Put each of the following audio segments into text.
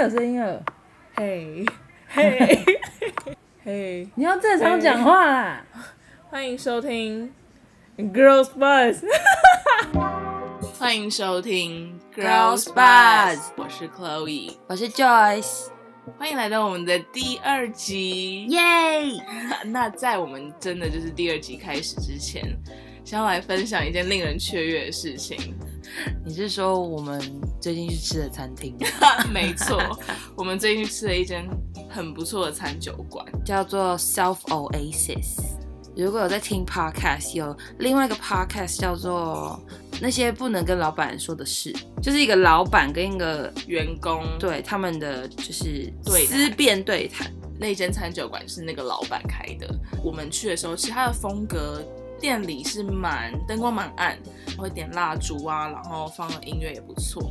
有聲音了，嘿，嘿，嘿，你要正常講話啦！Hey. 歡迎收聽 Girls Buzz， 歡迎收聽 Girls Buzz，我是 Chloe，我是 Joyce，歡迎來到我們的第二集，耶！Yay! 那在我們真的就是第二集開始之前，想要來分享一件令人雀躍的事情。你是說我們最近去吃的餐廳？ 沒錯，我們最近去吃了一間很不錯的餐酒館，叫做 Self Oasis。如果有在聽 podcast，有另外一個 podcast 叫做《那些不能跟老闆說的事》，就是一個老闆跟一個員工對他們的就是思辨對談。那一間餐酒館是那個老闆開的，我們去的時候，其實它的風格。店裡是蠻，燈光蠻暗，會點蠟燭啊，然後放音樂也不錯。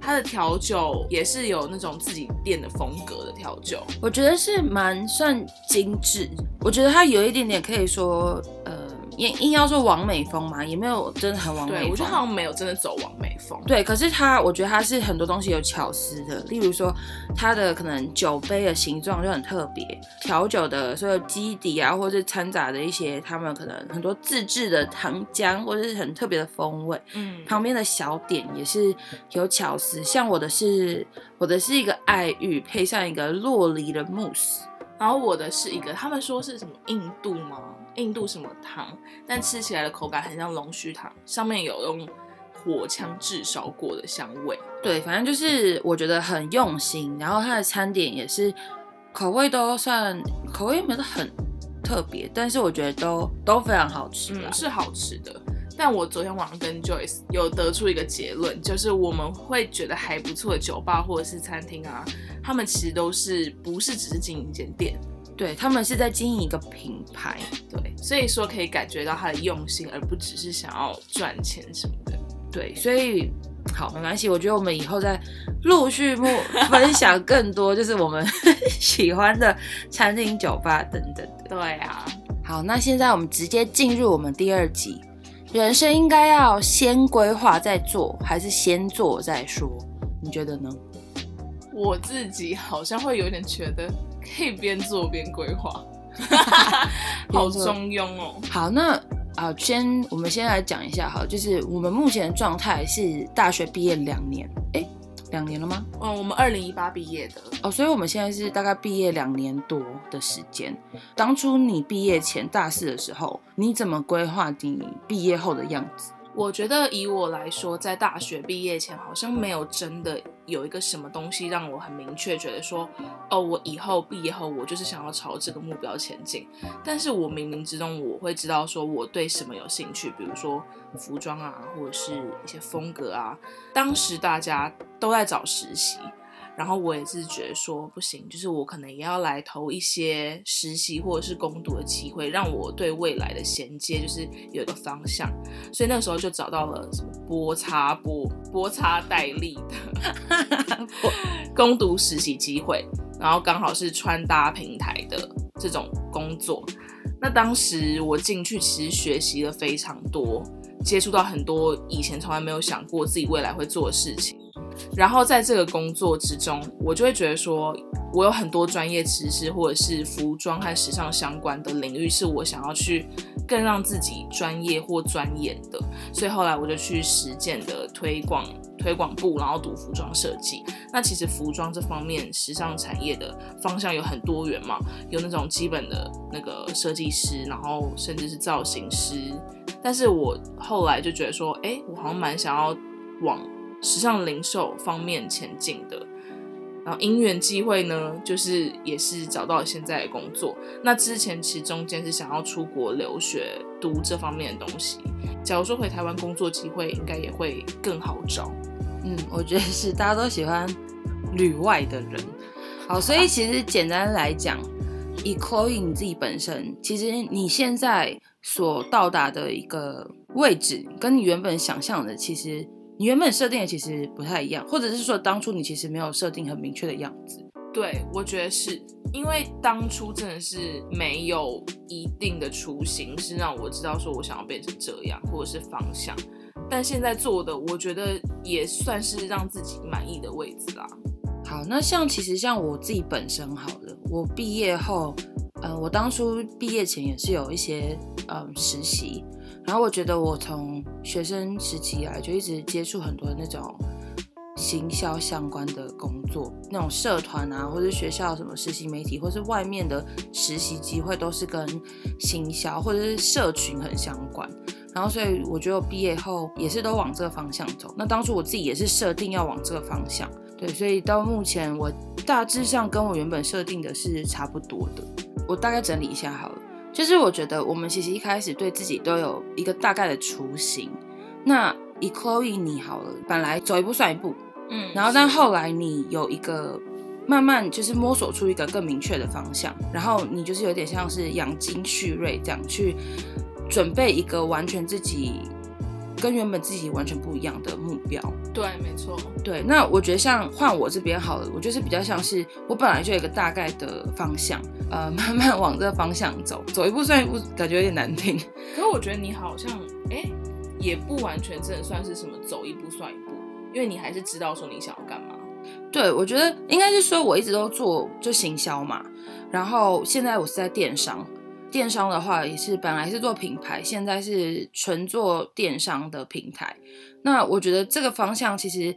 它的調酒也是有那種自己店的風格的調酒，我覺得是蠻算精緻。我覺得它有一點點可以說，呃。也硬要說網美風嘛，也沒有真的很網美風，我就好像沒有真的走網美風。對，可是他，我覺得他是很多東西有巧思的，例如說他的可能酒杯的形狀就很特別，調酒的所有的基底啊，或是摻雜的一些他們可能很多自制的糖漿，或是很特別的風味。嗯，旁邊的小點也是有巧思，像我的是，我的是一個愛玉配上一個酪梨的 mousse。然後我的是一個，他們說是什麼印度嗎？印度什麼糖？但吃起來的口感很像龍鬚糖，上面有用火槍炙燒過的香味。對，反正就是我覺得很用心。然後它的餐點也是，口味都算，口味沒得很特別，但是我覺得都都非常好吃，嗯，是好吃的。但我昨天晚上跟 Joyce 有得出一個結論，就是我們會覺得還不錯的酒吧或者是餐廳啊，他們其實都是不是只是經營一間店，對，他們是在經營一個品牌，對，對，所以說可以感覺到他的用心，而不只是想要賺錢什麼的，對，所以，好，沒關係，我覺得我們以後再陸續分分享更多，就是我們喜歡的餐廳、酒吧等等對。對啊，好，那現在我們直接進入我們第二集。人生應該要先規劃再做，還是先做再說？你覺得呢？我自己好像會有點覺得，可以邊做邊規劃， 好中庸哦、喔。好，那啊，先我們先來講一下哈，就是我們目前的狀態是大學畢業兩年。兩年了嗎？嗯，我們二零一八畢業的。哦，所以我們現在是大概畢業兩年多的時間。當初你畢業前大四的時候，你怎麼規劃你畢業後的樣子？我覺得以我來說，在大學畢業前好像沒有真的。有一個什麼東西讓我很明確覺得說，哦，我以後畢業後我就是想要朝這個目標前進。但是我冥冥之中我會知道說我對什麼有興趣，比如說服裝啊，或者是一些風格啊。當時大家都在找實習。然後我也是覺得說不行，就是我可能也要來投一些實習或者是攻讀的機會，讓我對未來的銜接就是有一個方向。所以那個時候就找到了什麼波插波波插代理的哈哈哈，攻讀實習機會，然後剛好是穿搭平台的這種工作。那當時我進去其實學習了非常多，接觸到很多以前從來沒有想過自己未來會做的事情。然後在這個工作之中，我就會覺得說，我有很多專業知識或者是服裝和時尚相關的領域是我想要去更讓自己專業或鑽研的。所以後來我就去實踐的推廣推廣部，然後讀服裝設計。那其實服裝這方面，時尚產業的方向有很多元嘛，有那種基本的那個設計師，然後甚至是造型師。但是我後來就覺得說，哎，我好像蠻想要往。時尚零售方面前進的，然後因緣際會呢，就是也是找到了現在的工作。那之前其中間是想要出國留學讀這方面的東西。假如說回台灣工作機會，應該也會更好找。嗯，我覺得是大家都喜歡旅外的人。好，所以其實簡單來講，啊、以 Cloe 你自己本身，其實你現在所到達的一個位置，跟你原本想象的其實。你原本設定的其實不太一樣，或者是說當初你其實沒有設定很明確的樣子。對，我覺得是因為當初真的是沒有一定的雛形，是讓我知道說我想要變成這樣，或者是方向。但現在做的，我覺得也算是讓自己滿意的位置啦。好，那像其實像我自己本身，好了，我畢業後，呃，我當初畢業前也是有一些嗯，呃，實習。然後我覺得我從學生時期以來就一直接觸很多那種行銷相關的工作，那種社團啊，或是學校什麼實習媒體，或是外面的實習機會，都是跟行銷或者是社群很相關。然後所以我覺得我畢業後也是都往這個方向走。那當初我自己也是設定要往這個方向，對，所以到目前我大致上跟我原本設定的是差不多的。我大概整理一下好了。就是我覺得我們其實一開始對自己都有一個大概的雛形，那以 Chloe 你好了，本來走一步算一步，嗯，然後但後來你有一個慢慢就是摸索出一個更明確的方向，然後你就是有點像是養精蓄銳這樣去準備一個完全自己。跟原本自己完全不一樣的目標，對，沒錯。對，那我覺得像換我這邊好了，我就是比較像是我本來就有一個大概的方向，呃，慢慢往這個方向走，走一步算一步，感覺有點難聽。可是我覺得你好像，哎、欸，也不完全真的算是什麼走一步算一步，因為你還是知道說你想要幹嘛。對，我覺得應該是說我一直都做就行銷嘛，然後現在我是在電商。電商的話也是，本來是做品牌，現在是純做電商的平台。那我覺得這個方向其實，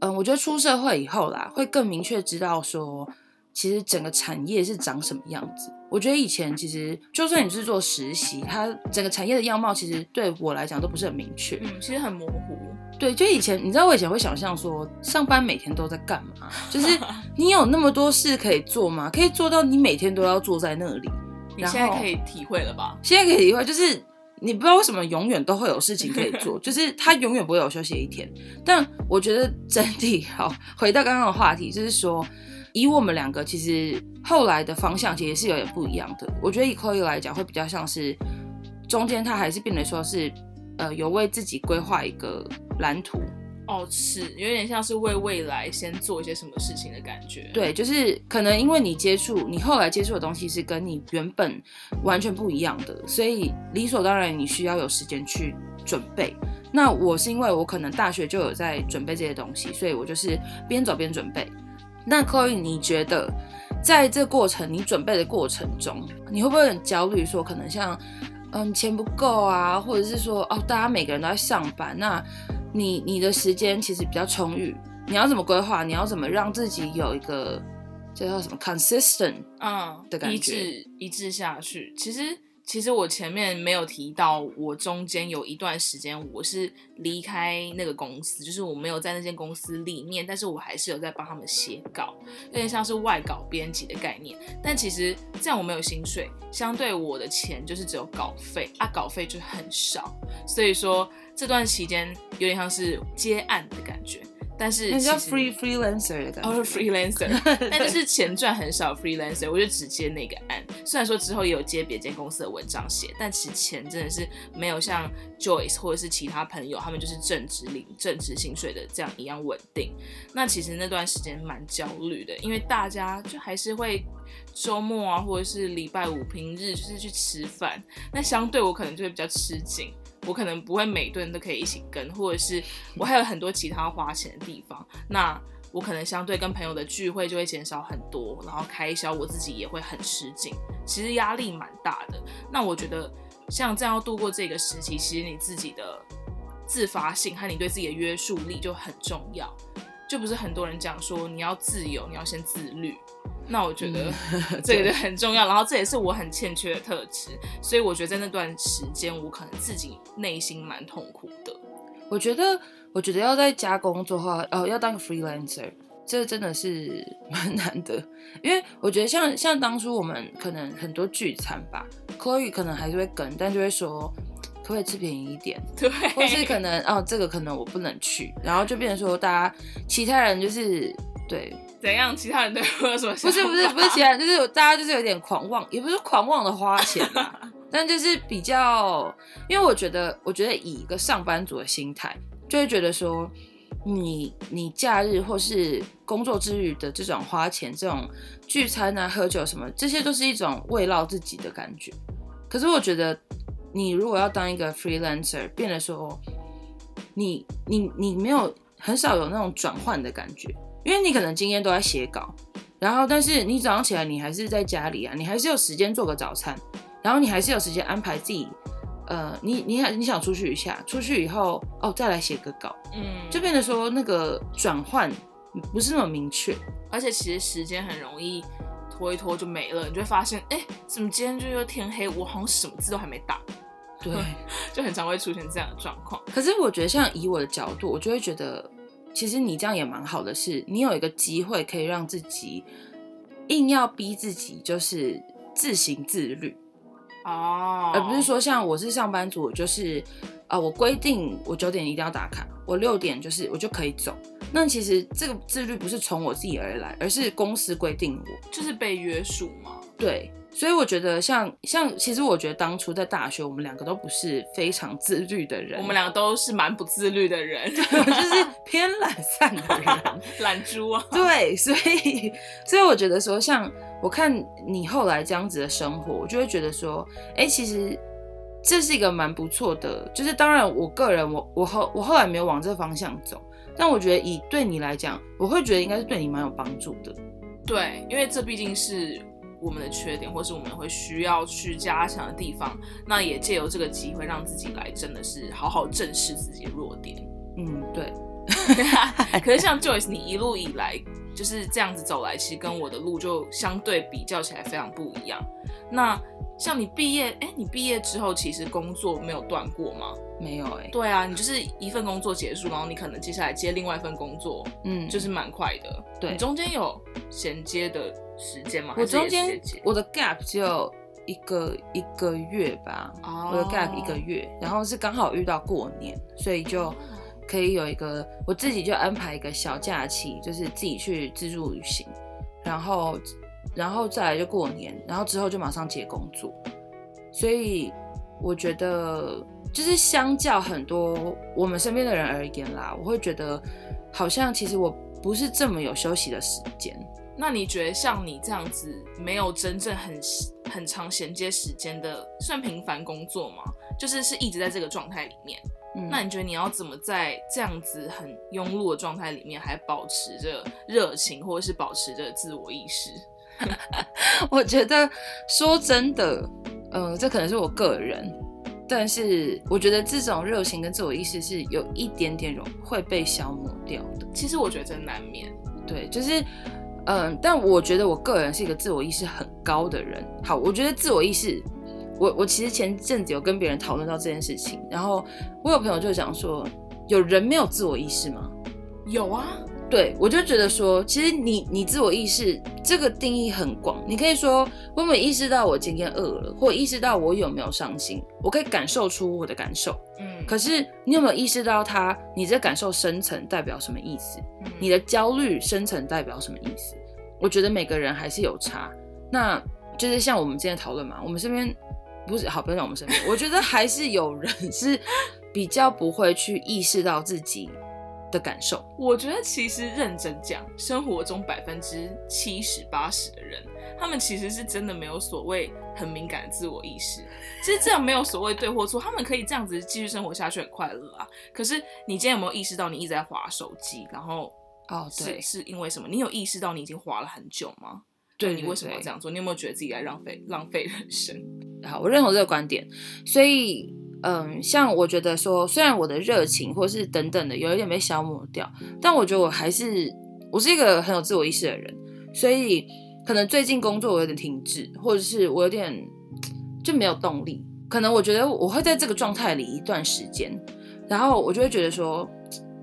嗯，我覺得出社會以後啦，會更明確知道說，其實整個產業是長什麼樣子。我覺得以前其實，就算你是做實習，它整個產業的樣貌其實對我來講都不是很明確，嗯，其實很模糊。對，就以前你知道，我以前會想象說，上班每天都在幹嘛？就是你有那麼多事可以做嗎？可以做到你每天都要坐在那裡？你現在可以體會了吧？現在可以體會，就是你不知道為什麼永遠都會有事情可以做， 就是他永遠不會有休息一天。但我覺得整體，好，回到剛剛的話題，就是說，以我們兩個其實後來的方向其實是有點不一樣的。我覺得以 Koi 來講會比較像是中間他還是變得說是呃有為自己規劃一個藍圖。哦，oh, 是有點像是為未來先做一些什麼事情的感覺。對，就是可能因為你接觸你後來接觸的東西是跟你原本完全不一樣的，所以理所當然你需要有時間去準備。那我是因為我可能大學就有在準備這些東西，所以我就是邊走邊準備。那 Chloe 你覺得在這過程你準備的過程中，你會不會很焦慮？說可能像嗯錢不夠啊，或者是說哦大家每個人都在上班那。你你的時間其實比較充裕，你要怎麼規劃？你要怎麼讓自己有一個這叫什麼 consistent 的感覺，嗯、一致一致下去。其實其實我前面沒有提到，我中間有一段時間我是離開那個公司，就是我沒有在那間公司裡面，但是我還是有在幫他們寫稿，有點像是外稿編輯的概念。但其實這樣我沒有薪水，相對我的錢就是只有稿費啊，稿費就很少，所以說。這段期間，有點像是接案的感覺，但是叫 free freelancer，哦，是 freelancer， 但就是錢賺很少。freelancer 我就只接那個案，雖然說之後也有接別間公司的文章寫，但其實錢真的是沒有像 Joyce 或者是其他朋友他們就是正職領、正職薪水的這樣一樣穩定。那其實那段時間蠻焦慮的，因為大家就還是會週末啊或者是禮拜五平日就是去吃飯，那相對我可能就會比較吃緊。我可能不會每頓都可以一起跟，或者是我還有很多其他花錢的地方。那我可能相對跟朋友的聚會就會減少很多，然後開銷我自己也會很吃緊，其實壓力蠻大的。那我覺得像這樣要度過這個時期，其實你自己的自發性和你對自己的約束力就很重要，就不是很多人講說你要自由，你要先自律。那我覺得這個很重要，嗯、然後這也是我很欠缺的特質，所以我覺得在那段時間我可能自己內心蠻痛苦的。我覺得，我覺得要在家工作的話，哦，要當 freelancer，這真的是蠻難的，因為我覺得像像當初我們可能很多聚餐吧，Chloe 可能還是會梗，但就會說可不可以吃便宜一點，對，或是可能啊、哦，這個可能我不能去，然後就變成說大家其他人就是。對，怎樣？其他人對我有什麼？不是不是不是其他人，就是大家就是有點狂妄，也不是狂妄的花錢吧，啊， 但就是比較，因為我覺得，我覺得以一個上班族的心態，就會覺得說你，你你假日或是工作之餘的這種花錢，這種聚餐啊，喝酒什麼，這些都是一種慰勞自己的感覺。可是我覺得，你如果要當一個 freelancer，變得說你，你你你沒有很少有那種轉換的感覺。因為你可能今天都在寫稿，然後但是你早上起來你還是在家裡啊，你還是有時間做個早餐，然後你還是有時間安排自己，呃，你你你想出去一下，出去以後哦再來寫個稿，嗯，就變得說那個轉換不是那麼明確，而且其實時間很容易拖一拖就沒了，你就會發現哎，怎麼今天就又天黑，我好像什麼字都還沒打，對， 就很常會出現這樣的狀況。可是我覺得像以我的角度，我就會覺得。其實你這樣也蠻好的，是你有一個機會可以讓自己硬要逼自己，就是自行自律哦，Oh. 而不是說像我是上班族，我就是啊、呃，我規定我九點一定要打卡，我六點就是我就可以走。那其實這個自律不是從我自己而來，而是公司規定我，就是被約束嗎？對。所以我覺得像像，其實我覺得當初在大學，我們兩個都不是非常自律的人。我們兩個都是蠻不自律的人， 就是偏懶散的人，懶豬啊。對，所以所以我覺得說，像我看你後來這樣子的生活，我就會覺得說，哎、欸，其實這是一個蠻不錯的。就是當然，我個人我我後我後來沒有往這方向走，但我覺得以對你來講，我會覺得應該是對你蠻有幫助的。對，因為這畢竟是。我們的缺點，或是我們會需要去加強的地方，那也借由這個機會，讓自己來真的是好好正視自己的弱點。嗯，對。 可是像 Joyce，你一路以來就是這樣子走來，其實跟我的路就相對比較起來非常不一樣。那。像你畢業，哎、欸，你畢業之後其實工作沒有斷過嗎？沒有、欸，哎，對啊，你就是一份工作結束，然後你可能接下來接另外一份工作，嗯，就是蠻快的。對，你中間有銜接的時間嗎？我中間我的 gap 只有一個一個月吧，哦，我的 gap 一個月，然後是剛好遇到過年，所以就可以有一個我自己就安排一個小假期，就是自己去自助旅行，然後。然後再來就過年，然後之後就馬上接工作，所以我覺得就是相較很多我們身邊的人而言啦，我會覺得好像其實我不是這麼有休息的時間。那你覺得像你這樣子沒有真正很很長銜接時間的算平凡工作嗎？就是是一直在這個狀態裡面。嗯，那你覺得你要怎麼在這樣子很庸碌的狀態裡面還保持着熱情，或者是保持着自我意識？ 我覺得說真的，嗯、呃，這可能是我個人，但是我覺得這種熱情跟自我意識是有一點點容會被消磨掉的。其實我覺得這難免，對，就是，嗯、呃，但我覺得我個人是一個自我意識很高的人。好，我覺得自我意識，我我其實前陣子有跟別人討論到這件事情，然後我有朋友就想說，有人沒有自我意識嗎？有啊。對，我就覺得說，其實你你自我意識這個定義很廣，你可以說，我有沒有意識到我今天餓了，或意識到我有沒有傷心，我可以感受出我的感受，嗯。可是你有沒有意識到它？你這感受深層代表什麼意思？嗯、你的焦慮深層代表什麼意思？我覺得每個人還是有差，那就是像我們今天討論嘛，我們身邊不是好朋友在我們身邊， 我覺得還是有人是比較不會去意識到自己。的感受，我覺得其實認真講，生活中百分之七十八十的人，他們其實是真的沒有所謂很敏感的自我意識。其實這樣沒有所謂對或錯，他們可以這樣子繼續生活下去，很快樂啊。可是你今天有沒有意識到你一直在滑手機？然後哦，oh, 對，是因為什麼？你有意識到你已經滑了很久嗎？對你為什麼要這樣做？對對對你有沒有覺得自己在浪費浪費人生？好，我認同這個觀點，所以。嗯，像我覺得說，雖然我的熱情或是等等的有一點被消磨掉，但我覺得我還是，我是一個很有自我意識的人，所以可能最近工作我有點停滯，或者是我有點就沒有動力。可能我覺得我會在這個狀態裡一段時間，然後我就會覺得說，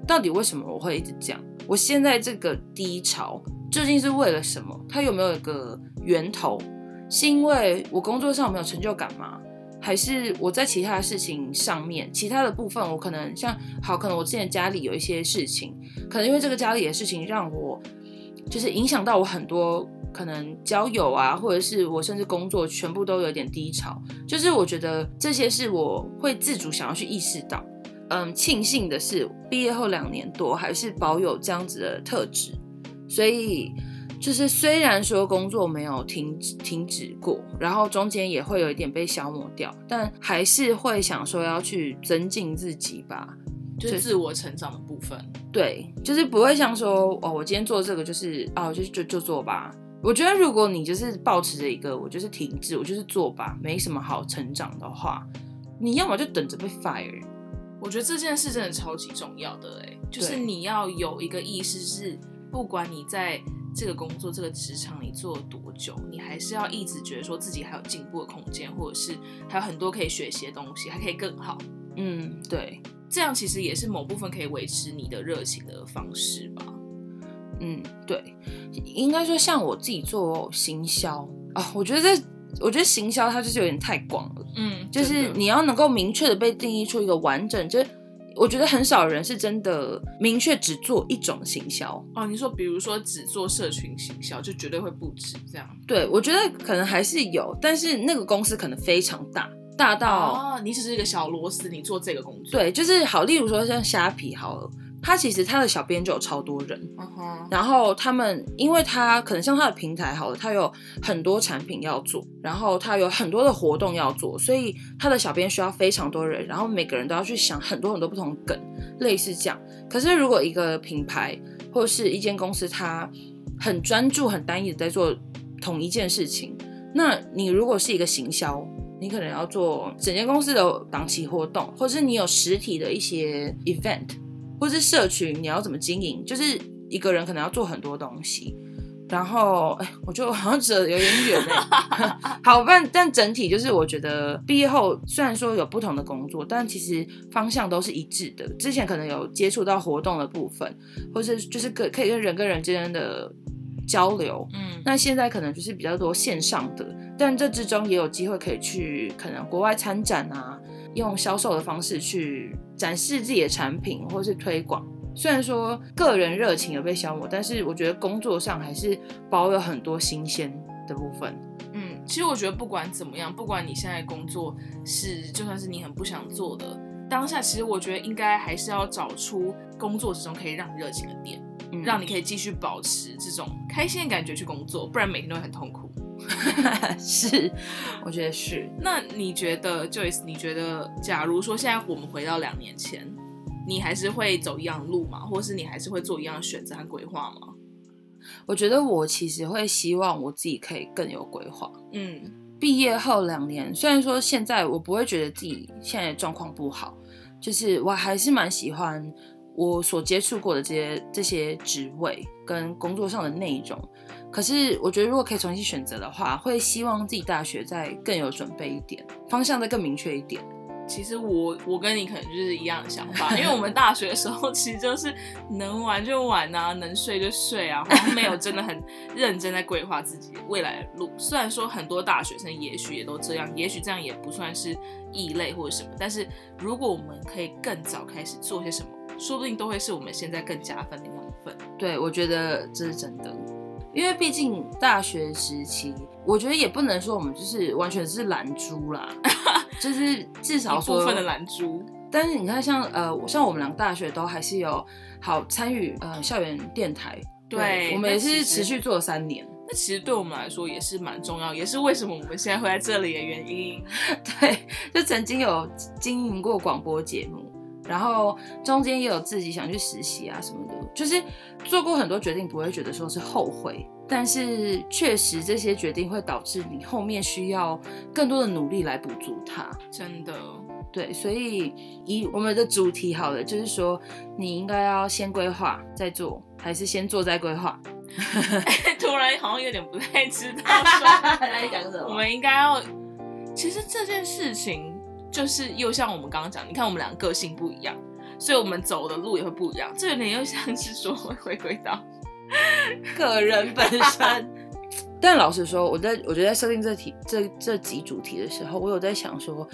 到底為什麼我會一直這樣？我現在這個低潮究竟是為了什麼？它有沒有一個源頭？是因為我工作上沒有成就感嗎？還是我在其他的事情上面，其他的部分我可能像好，可能我之前家裡有一些事情，可能因為這個家裡的事情讓我就是影響到我很多，可能交友啊，或者是我甚至工作全部都有點低潮。就是我覺得這些是我會自主想要去意識到。嗯，慶幸的是畢業後兩年多還是保有這樣子的特質，所以。就是雖然說工作沒有停止停止過，然後中間也會有一點被消磨掉，但還是會想說要去增進自己吧，就是自我成長的部分。對，就是不會像說哦，我今天做這個就是哦、啊，就就就做吧。我覺得如果你就是保持着一個我就是停止，我就是做吧，沒什麼好成長的話，你要麼就等着被 fire。我覺得這件事真的超級重要的哎、欸，就是你要有一個意識是，不管你在這個工作、這個職場你做了多久？你還是要一直覺得說自己還有進步的空間，或者是還有很多可以學習的東西，還可以更好。嗯，對，這樣其實也是某部分可以維持你的熱情的方式吧。嗯，對，應該說像我自己做、哦、行銷啊、哦，我覺得這，我覺得行銷它就是有點太廣了。嗯，就是你要能夠明確的被定義出一個完整，就是……我覺得很少人是真的明確只做一種行銷。哦，你說，比如說只做社群行銷，就絕對會不止這樣。對，我覺得可能還是有，但是那個公司可能非常大，大到哦，你只是一個小螺絲，你做這個工作。對，就是好，例如說像蝦皮，好了。他其實他的小編就有超多人，uh huh. 然後他們因為他可能像他的平台好了，他有很多產品要做，然後他有很多的活動要做，所以他的小編需要非常多人，然後每個人都要去想很多很多不同梗，類似這樣。可是如果一個品牌或是一間公司，他很專注、很單一的在做同一件事情，那你如果是一個行銷，你可能要做整間公司的檔期活動，或是你有實體的一些 event。不是社群，你要怎麼經營？就是一個人可能要做很多東西，然後、哎、我覺得好像扯得有點遠哎。 好吧，但整體就是我覺得畢業後雖然說有不同的工作，但其實方向都是一致的。之前可能有接觸到活動的部分，或是就是可以跟人跟人之間的交流，嗯，那現在可能就是比較多線上的，但這之中也有機會可以去可能國外參展啊。用銷售的方式去展示自己的產品或是推廣，雖然說個人熱情有被消磨，但是我覺得工作上還是保有很多新鮮的部分。嗯，其實我覺得不管怎麼樣，不管你現在工作是就算是你很不想做的，當下其實我覺得應該還是要找出工作之中可以讓你熱情的點，嗯，讓你可以繼續保持這種開心的感覺去工作，不然每天都會很痛苦。 是，我覺得是。那你覺得，Joyce，你覺得，假如說現在我們回到兩年前，你還是會走一樣路嗎？或是你還是會做一樣選擇和規劃嗎？我覺得我其實會希望我自己可以更有規劃。嗯，畢業後兩年，雖然說現在我不會覺得自己現在的狀況不好，就是我還是蠻喜歡。我所接觸過的這些這些職位跟工作上的內容，可是我覺得如果可以重新選擇的話，會希望自己大學再更有準備一點，方向再更明確一點。其實我我跟你可能就是一樣的想法， 因為我們大學的時候其實就是能玩就玩啊，能睡就睡啊，沒有真的很認真在規劃自己的未來的路。 雖然說很多大學生也許也都這樣，也許這樣也不算是異類或者什麼，但是如果我們可以更早開始做些什麼。說不定都會是我們現在更加分的那部分。對，我覺得這是真的，因為畢竟大學時期，我覺得也不能說我們就是完全是懶豬啦， 就是至少說部分的懶豬。但是你看像，像呃，像我們兩個大學都還是有好參與，呃，校園電台，對，對我們也是持續做了三年。那其，那其實對我們來說也是蠻重要，也是為什麼我們現在會在這裡的原因。 對，就曾經有經營過廣播節目。然後中間也有自己想去實習啊什麼的，就是做過很多決定，不會覺得說是後悔，但是確實這些決定會導致你後面需要更多的努力來補足它，真的。對，所以以我們的主題好了，就是說你應該要先規劃再做，還是先做再規劃？ 突然好像有點不太知道說我們應該要，其實這件事情。就是又像我們剛剛講，你看我們兩個個性不一樣，所以我們走的路也會不一樣。這有點又像是說會回歸到 個人本身。 但老實說，我在我覺得在設定這題這這集主題的時候，我有在想說，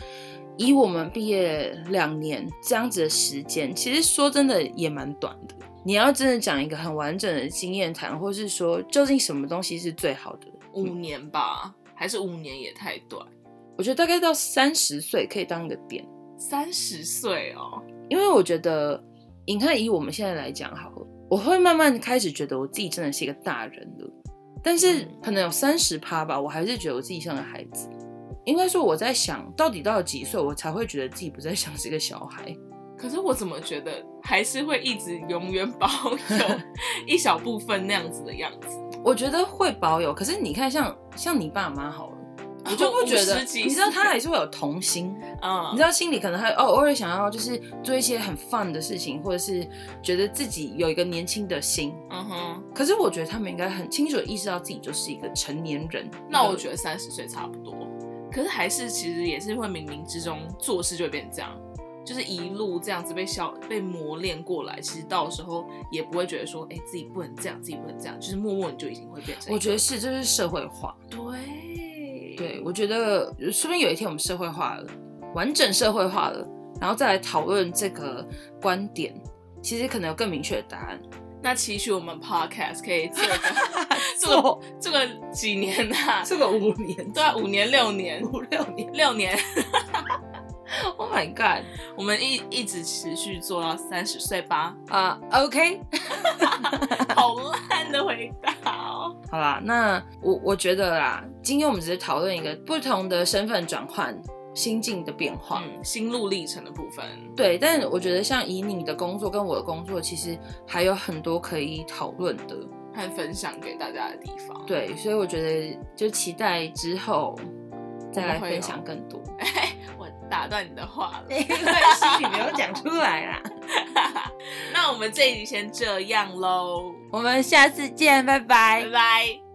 以我們畢業兩年這樣子的時間，其實說真的也蠻短的。你要真的講一個很完整的經驗談，或是說究竟什麼東西是最好的？嗯、五年吧，還是五年也太短？我覺得大概到三十歲可以當個點，三十歲哦，因為我覺得，你看以我們現在來講好了，我會慢慢開始覺得我自己真的是一個大人了，但是可能有三十趴吧，我還是覺得我自己像個孩子。應該說我在想，到底到了幾歲我才會覺得自己不再像是一個小孩？可是我怎麼覺得還是會一直永遠保有 一小部分那樣子的樣子？我覺得會保有，可是你看像像你爸媽好了。我就不覺得，你知道他還是會有童心，哦、你知道心裡可能還、哦、偶爾想要就是做一些很 fun 的事情，或者是覺得自己有一個年輕的心，嗯哼。可是我覺得他們應該很清楚的意識到自己就是一個成年人。那我覺得三十歲差不多。可是還是其實也是會冥冥之中做事就會變成這樣，就是一路這樣子被消被磨練過來，其實到時候也不會覺得說哎、欸、自己不能這樣，自己不能這樣，就是默默你就已經會變成。我覺得是就是社會化，對。對，我覺得說不定有一天我們社會化了，完整社會化了，然後再來討論這個觀點，其實可能有更明確的答案。那期許我們 podcast 可以做個 做個,做個幾年啊，這個五年，五年，對啊，五年六年，五六年六年。六年 Oh my god！我們一一直持續做到三十歲吧？啊、uh，OK， 好爛的回答哦。好啦，那我我覺得啦，今天我們只是討論一個不同的身份轉換、心境的變化、嗯、心路歷程的部分。對，但我覺得像以你的工作跟我的工作，其實還有很多可以討論的、和分享給大家的地方。對，所以我覺得就期待之後再來分享更多。 打斷你的話了，因為心裡 沒有講出來啦。那我們這一集先這樣嘍，我們下次見，拜拜，拜拜。